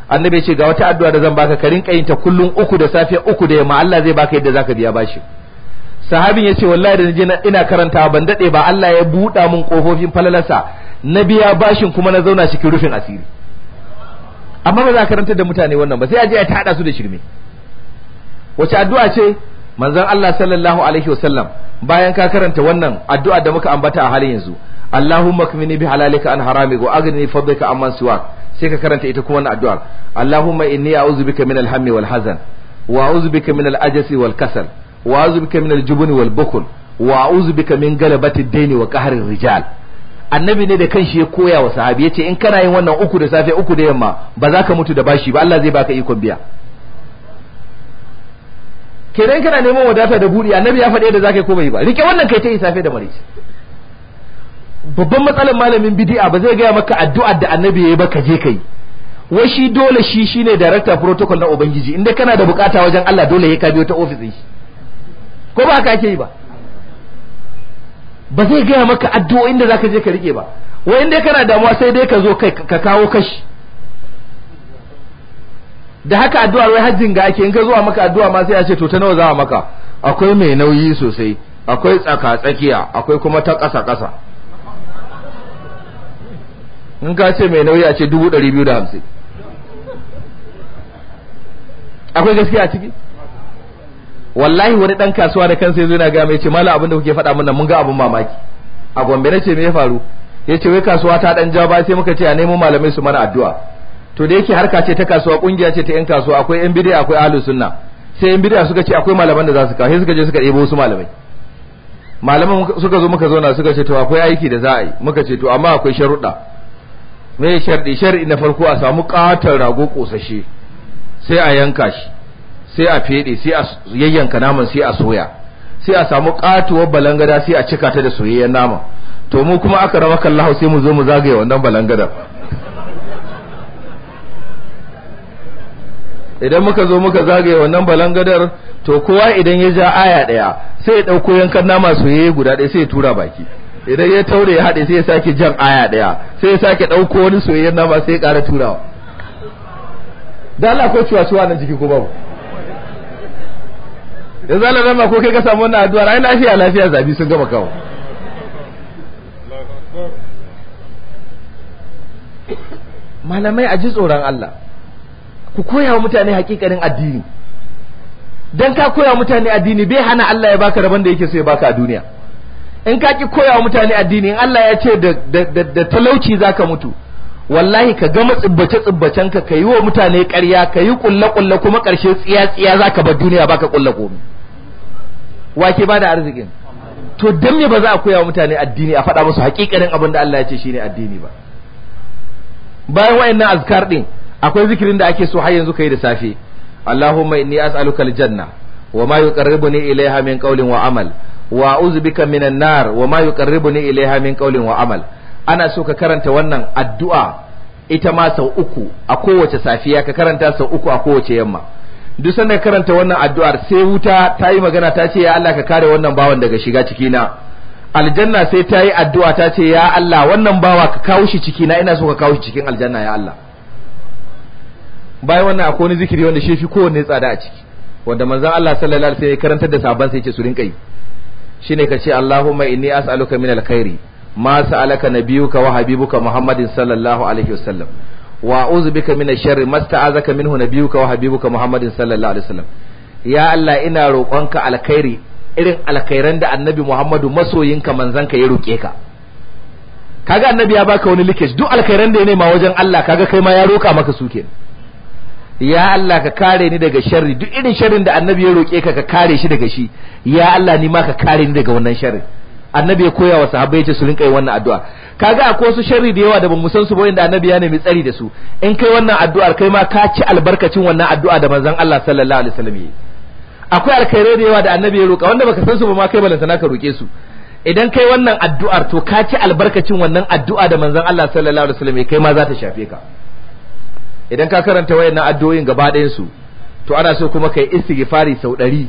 annabi ya ce ga wata addu'a da zan baka ka rinka yin ta kullun uku da safiya uku da yamma Allah zai baka yadda zaka biya bashi sahabin ya ce wallahi da naje ina karanta ban dade ba Allah ya buɗa mun kofofin falalarsa na biya bashin kuma na zauna cikin rufin asiri amma ba za ka karanta da mutane wannan ba sai a je a tada su da shirme wace addu'a ce manzon Allah sallallahu alaihi wasallam bayan ka karanta wannan addu'a da muka ambata a halin yanzu Allahumma kmini bi halalika an haramika wa aghni fadlika amman siwak sai ka karanta ita kuma wannan addu'a Allahumma inni a'udhu bika min hammi wal hazan wa a'udhu bika min al-ajasi wal kasal wa a'udhu bika min al wa wa rijal annabi ne da kanshi ya koya wa sahabi ce in kana yin wannan uku da safe uku da yamma ba za ka mutu da bashi ba Allah zai baka ikon biya kenan kana neman wadata da buri annabi ya faɗi da zaka yi ko bai ba rike wannan kai ta yi safe da marici babban matsalar malamin bidi'a ba zai gaya maka addu'ar da annabi ya yi ba ka je ka yi wai shi dole shi shine director protocol na ubangiji inda kana da bukata wajen Allah dole ya ka biyo ta office din shi ko ba ka ke yi ba ba zai gaya maka addu'o'in inda zaka je ka rike ba wai inda kana damuwa sai dai ka zo kai ka kawo kashi da haka addu'a wai hajjin ga ake in ka zuwa maka addu'a ma sai a ce to ta nawa za a maka akwai mai nauyi sosai akwai tsaka tsakiya akwai kuma ta ƙasa ƙasa in ka ce mai nauyi a ce dubu ɗari biyu da hamsin akwai gaskiya a ciki wallahi wani ɗan kasuwa da kansa yazo yana gaya mai ce mala abin da kuke faɗa mana mun ga abin mamaki a gombe na ce me ya faru ya ce wai kasuwa ta ɗan ja ba sai muka ce a nemo malamai su mana addu'a to da yake harka ce ta kasuwa ƙungiya ce ta yan kasuwa akwai yan bidiya akwai ahlus sunna sai yan bidiya suka ce akwai malaman da za su kawo sai suka je suka ɗebo wasu malamai malaman suka zo muka zauna suka ce to akwai aiki da za a yi muka ce to amma akwai sharuɗa mai sharɗi sharɗi na farko a samu ƙaton rago ƙosashe sai a yanka shi sai a feɗe sai a yayyanka naman sai a soya sai a samu ƙatuwar balangada sai a cika ta da soyayyen nama to mu kuma aka rama kallahu sai mu zo mu zagaye wannan balangada idan muka zo muka zagaye wannan balangadar to kowa idan ya ja aya ɗaya sai ya ɗauko yankan nama soyayye guda ɗaya sai ya tura baki idan ya taure ya haɗe sai ya sake jan aya ɗaya sai ya sake ɗauko wani soyayyen nama sai ya ƙara turawa da ko ciwa ciwa nan jiki ko babu ya zala nama ko kai ka samu wannan addu'a ai lafiya lafiya zabi sun gama kawo malamai a ji tsoron Allah ku koya wa mutane hakikanin addini dan ka koya wa mutane addini bai hana Allah ya baka rabon da yake so ya baka a duniya in ka ki koya wa mutane addini in Allah ya ce da talauci za ka mutu wallahi ka gama tsibbace tsibbacen ka yi wa mutane karya ka yi kulle kulle kuma karshe tsiya tsiya za ka bar duniya ba baka kulle komai wake ba da arzikin to don me ba za a koya wa mutane addini a faɗa musu hakikanin abin da Allah ya ce shine addini ba bayan wayannan azkar din akwai zikirin da ake so har yanzu ka yi da safe Allahumma inni as'aluka aljanna wa ma yuqarribuni ilaiha min qawlin wa amal wa a'udhu bika minan nar wa ma yuqarribuni ilaiha min qawlin wa amal ana so ka karanta wannan addu'a ita ma sau uku a kowace safiya ka karanta sau uku a kowace yamma duk sanda ka karanta wannan addu'ar sai wuta ta yi magana ta ce ya Allah ka kare wannan bawan daga shiga cikina aljanna sai ta yi addu'a ta ce ya Allah wannan bawa ka kawo shi cikina ina so ka kawo shi cikin aljanna ya Allah bayan wannan akwai wani zikiri wanda shi fi kowanne tsada a ciki wanda manzon Allah sallallahu alaihi wasallam ya karantar da sahabban sai ya ce su rinka yi shine ka ce Allahumma inni as'aluka min alkhairi ma sa'alaka nabiyuka wa habibuka Muhammadin sallallahu alaihi wasallam wa a'udhu bika min ash-sharri ma sta'azaka minhu nabiyuka wa habibuka Muhammadin sallallahu alaihi wasallam ya Allah ina roƙonka alkhairi irin alkhairan da annabi Muhammadu masoyinka manzanka ya roƙe ka kaga annabi ya baka wani likage duk alkhairan da ya nema wajen Allah kaga kai ma ya roƙa maka su kenan ya Allah ka kare ni daga sharri duk irin sharrin da annabi ya roke ka ka kare shi daga shi ya Allah ni ma ka kare ni daga wannan sharrin annabi ya koya wa sahabbai ce su rinka yin wannan addu'a kaga akwai wasu sharri da yawa da bamu san su ba inda annabi ya nemi tsari da su in kai wannan addu'ar kai ma ka ci albarkacin wannan addu'a da manzon Allah sallallahu alaihi wasallam yi akwai alkhairai da yawa da annabi ya roka wanda baka san su ba ma kai balantana ka roke su idan kai wannan addu'ar to ka ci albarkacin wannan addu'a da manzon Allah sallallahu alaihi wasallam kai ma za ta shafe ka idan ka karanta wayannan addu'o'in gaba ɗayan su to ana so kuma kai istighfari sau ɗari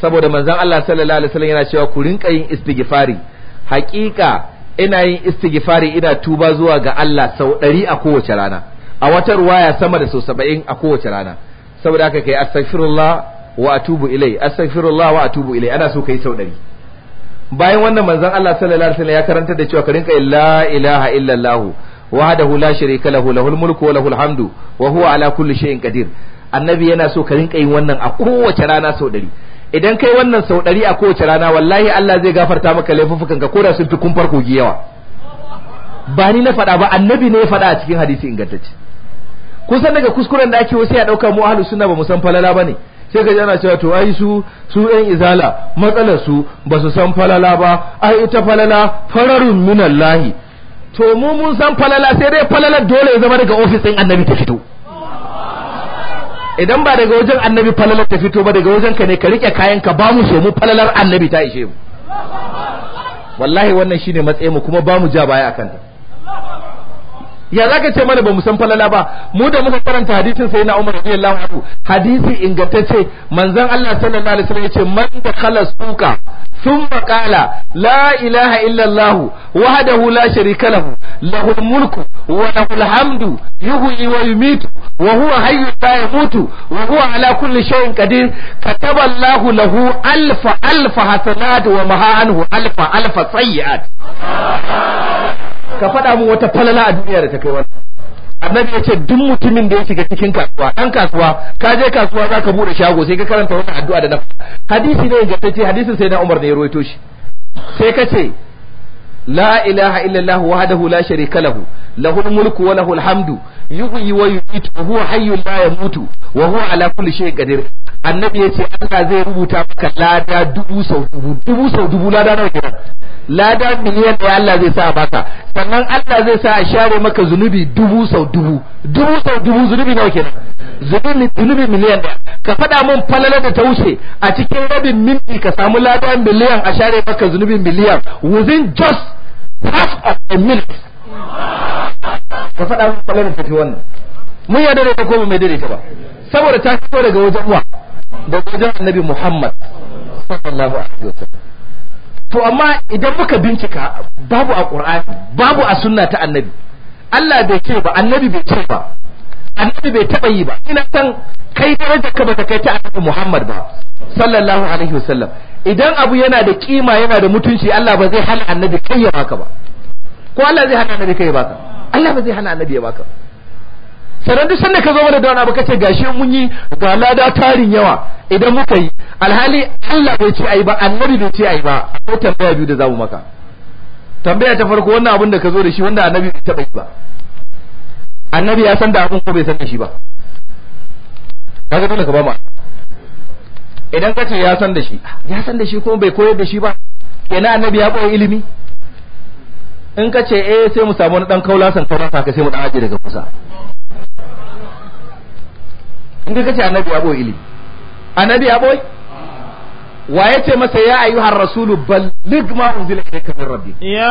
saboda manzon Allah sallallahu alaihi wasallam yana cewa ku rinka yin istighfari haƙiƙa ina yin istighfari ina tuba zuwa ga Allah sau ɗari a kowace rana a wata ruwaya sama da sau saba'in a kowace rana saboda haka kai astaghfirullah wa atubu ilai astaghfirullah wa atubu ilai ana so kai sau ɗari bayan wannan manzon Allah sallallahu alaihi wasallam ya karanta da cewa ka rinka la ilaha illallah wahdahu la sharika lahu lahul mulku wa lahul hamdu wa huwa ala kulli shay'in qadir annabi yana so ka rinka yin wannan a kowace rana sau ɗari idan kai wannan sau ɗari a kowace rana wallahi Allah zai gafarta maka laifukan ka koda sun fi kun farko yawa ba ni na faɗa ba annabi ne ya faɗa a cikin hadisi ingantacce kun san daga kuskuren da ake wasu ya ɗauka mu ahlus sunna ba mu san falala ba ne sai ka ana cewa to ai su su ɗan izala matsalar su ba su san falala ba ai ita falala fararun minallahi to mu mun san falala sai dai falalar dole ya zama daga ofis ɗin annabi ta fito idan ba daga wajen annabi falalar ta fito ba daga wajen ka ne ka rike kayan ka ba mu so mu falalar annabi ta ishe mu wallahi wannan shine matsayin mu kuma ba mu ja baya akan ta ya zaka ce mana ba san falala ba mu da muka karanta hadisin na Umar radiyallahu anhu hadisi ingantacce manzon Allah sallallahu alaihi wasallam yace man dakhala suka thumma qala la ilaha illa Allah wahdahu la sharika lahu lahul mulku wa lahul hamdu yuhyi wa yumitu wa huwa hayyun la yamutu wa huwa ala kulli shay'in qadir kataba Allah lahu alfa alfa hasanat wa maha anhu alfa alfa sayyi'at ka faɗa min wata falala a duniya da ta kai wannan annabi ya ce duk mutumin da ya shiga cikin kasuwa Dan kasuwa ka je kasuwa za ka buɗe shago sai ka karanta wannan addu'a da na hadisi ne ingantacce hadisin sai na Umar ne ya rawaito shi sai ka ce la ilaha illallah wahdahu la sharika lahu lahul mulku wa lahul hamdu yuhyi wa yumiitu huwa hayyul la yamutu wa huwa ala kulli shay'in qadir annabi yace Allah zai rubuta maka lada dubu sau dubu dubu sau dubu lada nawa kenan lada miliyan da Allah zai sa baka sannan Allah zai sa a share maka zunubi dubu sau dubu dubu sau dubu zunubi nawa kenan zunubi zunubi miliyan da ka faɗa mun falala da ta wuce a cikin rabin minti ka samu lada miliyan a share maka zunubi miliyan within just half of a minute ka faɗa mun falala da ta fi wannan mun yarda da ko mai yarda da ba saboda ta fito daga wajen uwa daga wajen annabi Muhammad sallallahu alaihi wasallam to amma idan muka bincika babu a Qur'ani babu a sunna ta annabi Allah bai ce ba annabi bai ce ba annabi bai taba yi ba ina san kai darajar ka bata kai ta annabi Muhammad ba sallallahu alaihi wasallam idan abu yana da kima yana da mutunci Allah ba zai hana annabi kai ya baka ba ko Allah zai hana annabi kai ya baka Allah ba zai hana annabi ya baka sannan duk sanda ka zo mana da wani abu kace gashi mun yi ga lada tarin yawa idan muka yi alhali Allah bai ce ai ba annabi bai ce ai ba ko tambaya biyu da za mu maka tambaya ta farko wannan abin da ka zo da shi wanda annabi bai taba yi ba annabi ya san da abin ko bai san shi ba kaga dole ka ba mu idan ka ce ya san da shi ya san da shi kuma bai koyar da shi ba kenan annabi ya koyi ilimi in ka ce eh sai mu samu wani dan kaula san kaula ka sai mu dan aje daga kusa in ka kace annabi ya boye ilimi annabi ya boye ya yace masa ya ayyuhar rasul balligh ma unzila ilayka min rabbi ya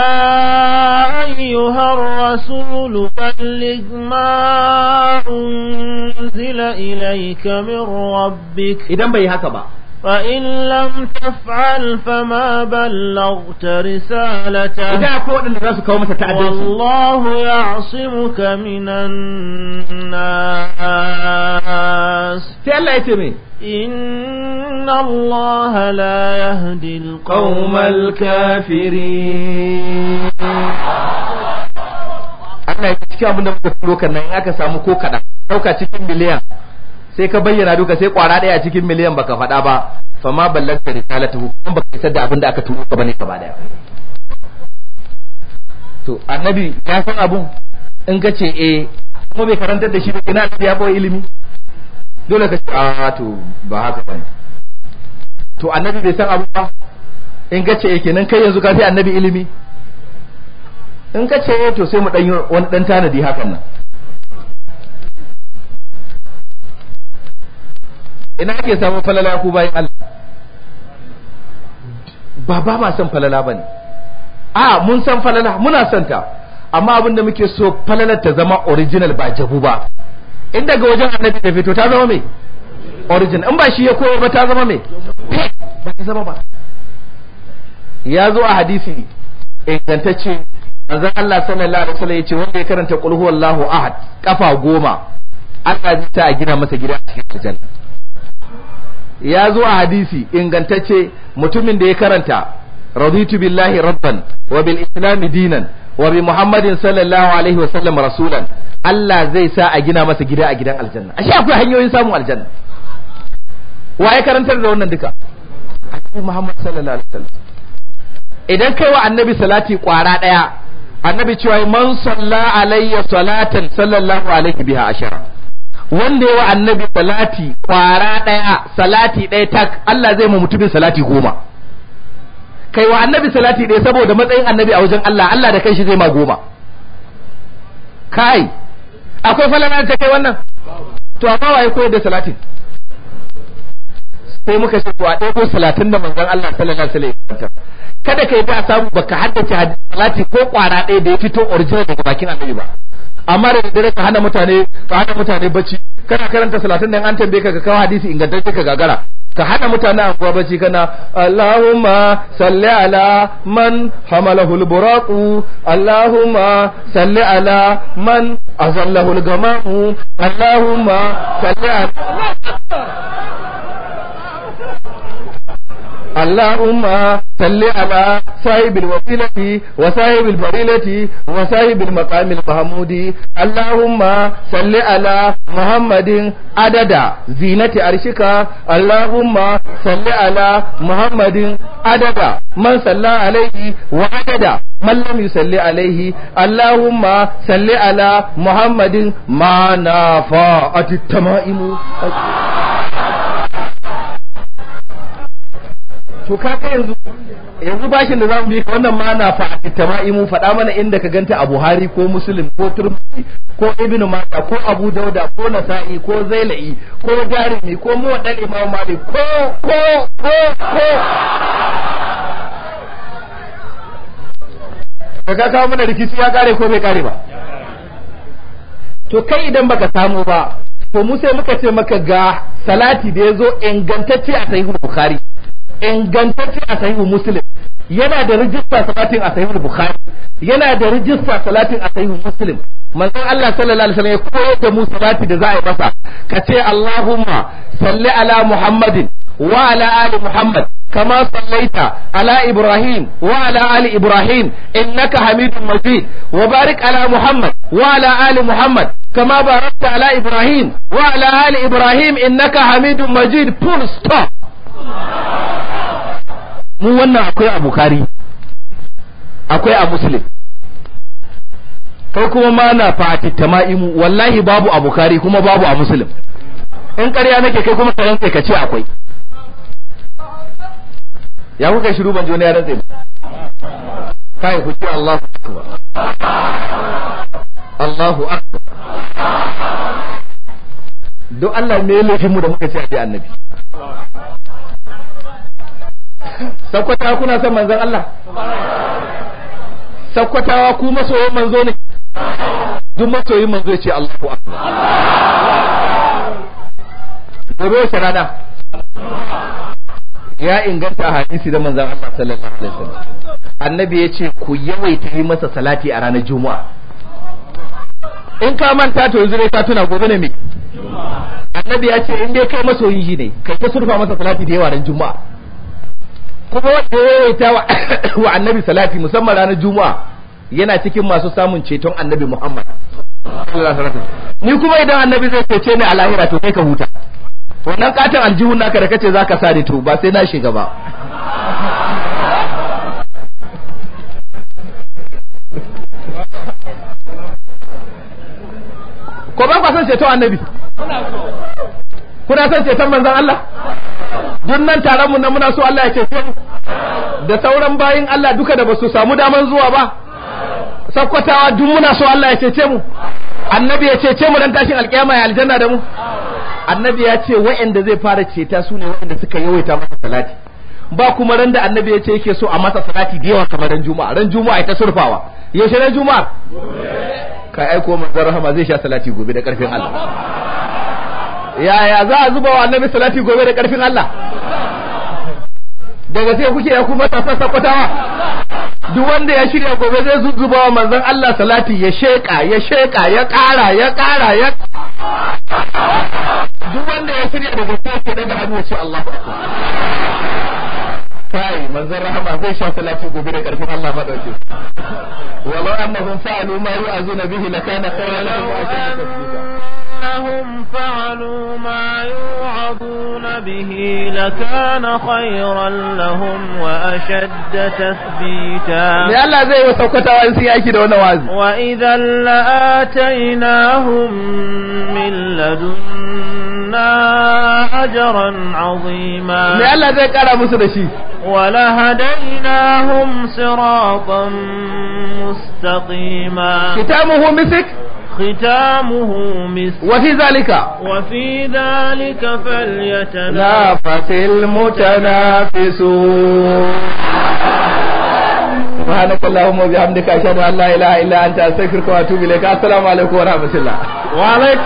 ayyuhar rasul balligh ma unzila ilayka min rabbik idan bai haka ba فإن لم تفعل فما بلغت رسالته إذا أكون الناس كومة تعدل والله يعصمك من الناس تلا يتمي إن الله لا يهدي القوم الكافرين أنا cikin abin da muka turo kan nan aka samu ko kaɗan ɗauka cikin biliyan sai ka bayyana duka sai kwara daya a cikin miliyan baka faɗa ba fa ma ballagta risalatahu kuma baka isar da abin da aka tuno ka bane ka bada to annabi ya san abun in ka ce eh kuma bai karantar da shi ba ina da ya koyi ilimi dole ka ce a ah, to ba haka bane to annabi bai san abu ba in ka ce eh kenan kai yanzu ka fi annabi ilimi in ka ce eh, to sai mu dan wani dan tanadi hakan nan ina ake samun falala ku bayan Allah ba ba ma san falala bane a mun san falala muna son ta amma abin da muke so falalar ta zama original ba jabu ba in daga wajen annabi ta fito ta zama me original in ba shi ya koyo ba ta zama me ba ta zama ba ya zo a hadisi ingantacce manzon Allah sallallahu alaihi wasallam yace wanda ya karanta qul huwallahu ahad kafa goma Allah zai ta gina masa gida a cikin aljanna ya zo a hadisi ingantacce mutumin da ya karanta raditu billahi rabban wa bil islam dinan wa bi muhammadin sallallahu alaihi wa sallam rasulan Allah zai sa a gina masa gida a gidan aljanna ashe akwai hanyoyin samun aljanna wa ya karantar da wannan duka annabi muhammad sallallahu alaihi wa sallam idan kai wa annabi salati kwara daya annabi cewa man salla alayya salatan sallallahu alaihi biha ashara wanda yawa annabi salati kwara daya salati daya tak Allah zai ma mutumin salati goma kai wa annabi salati daya saboda matsayin annabi a wajen Allah Allah da kanshi zai ma goma kai akwai falala ta kai wannan to amma waye koyar da salati? sai muka ce wa a ɗaya salatin da manzon Allah sallallahu alaihi wasallam kada kai ba samu baka haddace salati ko kwara ɗaya da ya fito original daga bakin annabi ba amma da dare ka hana mutane ka hana mutane bacci kana karanta salatin nan an tambaye ka ka kawo hadisi ingantacce ka gagara ka hana mutane anguwa bacci kana Allahumma salli ala man hamalahul buraqu Allahumma salli ala man azallahul gamamu Allahumma salli ala اللهم صل على صاحب الوسيلة وصاحب الفضيلة وصاحب المقام المحمود اللهم صل على محمد عدد زينة عرشك اللهم صل على محمد عدد من صلى عليه وعدد من لم يصلي عليه اللهم صل على محمد ما نافعت التمائم to ka yanzu yanzu bashin da zamu bi wannan ma na fa ittama'i mun faɗa mana inda ka ganta a Buhari ko Muslim ko Tirmidhi ko Ibn Majah ko Abu Dauda ko Nasa'i ko Zailai ko Garimi ko Muwaddal Imam Malik ko ko ko ko kaga kawo mana rikici ya kare ko bai kare ba to kai idan baka samu ba to mu sai muka ce maka ga salati da ya zo ingantacce a sahihul bukhari ingantacce a sahihu muslim yana da rijista salatin a sahihu bukhari yana da rijista salatin a sahihu muslim manzon Allah sallallahu alaihi wasallam ya koyar da mu salati da za a yi masa ka ce Allahumma salli ala Muhammadin wa ala ali Muhammad كما صليت على إبراهيم وعلى آل إبراهيم إنك حميد مجيد وبارك على محمد وعلى آل محمد كما باركت على إبراهيم وعلى آل إبراهيم إنك حميد مجيد full stop mu wannan akwai a bukari akwai a muslim kai kuma ma na fati tama'imu wallahi babu a bukari kuma babu a muslim in ƙarya nake kai kuma karan ka ce akwai ya kuka shiru ban jona ya ba. kai ku ce Allahu akbar Allahu akbar don Allah ne ya mu da muka ce a annabi sakwata kuna son manzon Allah sakwatawa ku masoyin manzo ne duk masoyin manzo ya ce Allahu akbar gobe wace rana ya inganta hadisi da manzon Allah sallallahu alaihi wasallam annabi ya ce ku yawaita yi masa salati a ranar juma'a in ka manta to yanzu ne ka tuna gobe ne me annabi ya ce in dai kai masoyin shi ne kai ta surfa masa salati da yawa ran juma'a kuma wanda ya yawaita wa annabi salati musamman ranar juma'a yana cikin masu samun ceton annabi muhammad ni kuma idan annabi zai cece ni a lahira to kai ka huta wannan katon aljihun naka da kace zaka sa ni to ba sai na shiga ba ko ba kwa san ceton annabi kuna son ceton manzon Allah duk nan taron mu na muna so Allah ya cece mu da sauran bayin Allah duka da basu samu daman zuwa ba sakkwatawa duk muna so Allah ya cece mu annabi ya cece mu dan tashin alkiyama ya aljanna da mu annabi ya ce wa'anda zai fara ceta su ne wa'anda suka yawaita masa salati ba kuma ran da annabi ya ce yake so a masa salati da yawa kamar ran juma'a ran juma'a ta surfawa yaushe ran juma'a kai aiko manzo rahama zai sha salati gobe da karfin Allah yaya za a zuba wa annabi salati gobe da karfin Allah daga sai kuke ya kuma sassa kwatawa duk wanda ya shirya gobe zai zuba wa manzon Allah salati ya sheka ya sheka ya kara ya kara ya duk wanda ya shirya daga sai daga hannu ce Allahu kai manzon rahama zai sha salati gobe da karfin Allah madauke wallahi annahum fa'alu ma yu'azuna bihi lakana khayran lahum wa ashadda أنهم فعلوا ما يوعظون به لكان خيرا لهم وأشد تثبيتا أكيد وإذا لآتيناهم من لدنا أجرا عظيما ولهديناهم صراطا مستقيما كتابه مسك ختامه مسك وفي ذلك وفي ذلك فليتنافس المتنافسون سبحانك اللهم وبحمدك اشهد ان لا اله الا انت استغفرك واتوب اليك السلام عليكم ورحمه الله وعليكم